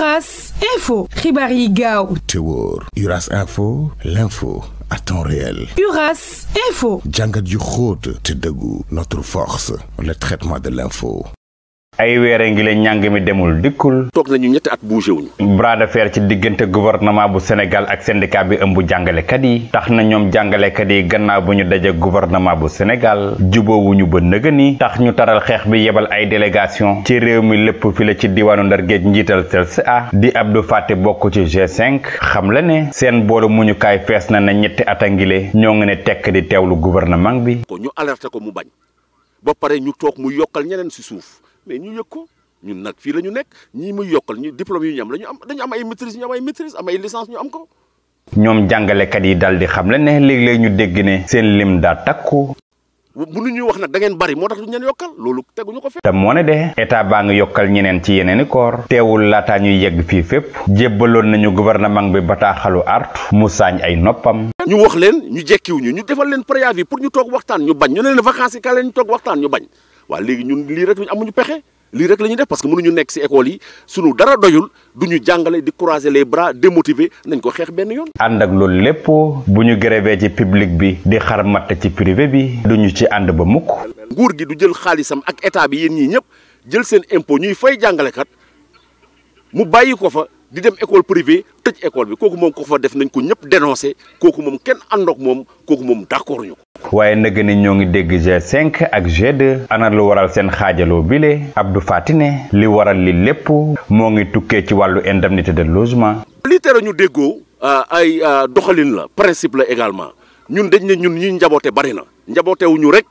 Uras Info Ribari Gao. Uras Info l'info à temps réel Uras Info jàngat du notre force le traitement de l'info ay weer ngi la ñàng mi demul dikkul. toog nañu ñetti at bougé wuñu. bras ci diggante gouvernement bu Sénégal ak syndicat bi ëmb jàngalekat yi. tax na ñoom jàngalekat yi gannaaw bu ñu dajee gouvernement bu wu ñu ba nëgë ni. tax ñu taral xeex bi yebal ay délégation ci réew mi lépp fi la ci diwaanu Ndar Géej njiital CELSA di Abdou Faté bokk ci G5 xam la ne seen boolu muñukaay fees na ne ñetti at a ngile ñoo ngi ne tekk di teewlu gouvernement bi. ko ñu alerté ko mu bañ mais ñu yëg ko ñun nag fii la ñu nekk ñii muy yokkal ñu diplôme yu ñu am la ñu am dañu am ay maîtrise ñu am ay maîtrise am ay licence ñu am ko. ñoom jàngalekat yi daal di xam la ne léeg-léeg ñu dégg ne. seen lim daa takku. bu nu ñuy wax nag da ngeen bari moo tax duñu leen yokkal loolu ñu ko fi. te moo ne de état baa ngi yokkal ñeneen ci yeneeni koor. teewul laataa ñu yegg fii fépp. jébbaloon nañu gouvernement bi bataaxalu artu mu saañ ay noppam. ñu wax leen ñu jekkiwuñu ñu defal leen waxtaan ñu bañ ñu ne leen ñu bañ waaw léegi ñun lii rek amuñu pexe lii rek la ñuy def parce que mënuñu nekk ci école yi sunu dara doyul du ñu jàngale di croiser les bras démotiver nañ ko xeex benn yoon. ànd ak loolu lépp bu ñu grévé ci public bi di xar matt ci privé bi ñu ci ànd ba mukk nguur gi du jël xaalisam ak état bi yéen ñii ñëpp jël seen impôt ñuy fay jàngalekat mu bàyyi ko fa. di dem école privée tëj école bi kooku moom ko fa def nañ ko ñëpp dénoncé kooku moom kenn àndook moom kooku moom d'accord ñu ko. waaye nag ni ñoo ngi dégg g ak G2 ana lu waral seen xaajaloo bile Abdou Fatine li waral li lépp moo ngi tukkee ci wàllu indemnité de logement. li tere ñu déggoo euh, ay euh, doxalin la principe la également ñun dañ ne ñun ñuy njaboote bari na njabootewuñu rek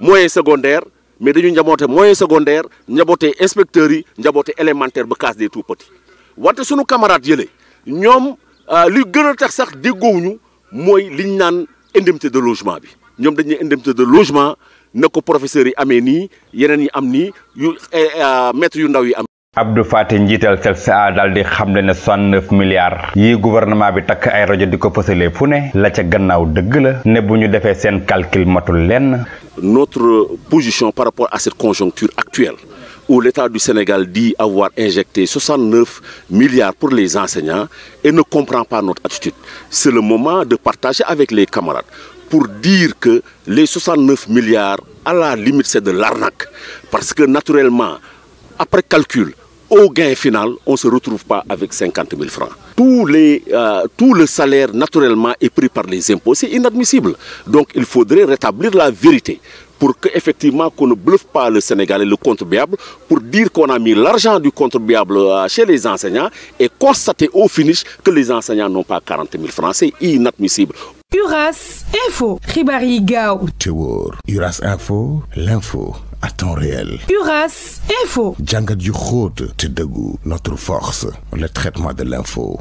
moyen secondaire. mais dañu njaboote moyen secondaire njaboote inspecteurs yi njaboote élémentaire ba case des tout wante sunu camarades yële ñom euh, li gën tax sax déggoowuñu moy liñ nane indemnité de logement bi ñoom dañuy indemnité de logement nako professeur professeurs yi amé ni yenen yi am yu eh, eh, maître yu ndaw yi am Abdou Faty njiital CELSA daal di xamle ne soixante milliards yi gouvernement bi tak ay radio diko ko fune la ca gannaaw deug la ne buñu défé sen calcul matul lenn notre position par rapport à cette conjoncture actuelle où l'État du Sénégal dit avoir injecté 69 milliards pour les enseignants et ne comprend pas notre attitude. C'est le moment de partager avec les camarades pour dire que les 69 milliards, à la limite, c'est de l'arnaque. Parce que naturellement, après calcul, au gain final, on ne se retrouve pas avec 50 000 francs. tout euh, le salaire naturellement est pris par les impôts. C'est inadmissible. Donc il faudrait rétablir la vérité pour qu'effectivement qu'on ne bluffe pas le Sénégal et le contribuable, pour dire qu'on a mis l'argent du contribuable euh, chez les enseignants et constater au finish que les enseignants n'ont pas 40 000 francs. C'est inadmissible. URAS Info, Ribari Gao. URAS Info, l'info à temps réel. URAS Info. Djanga du notre force, le traitement de l'info.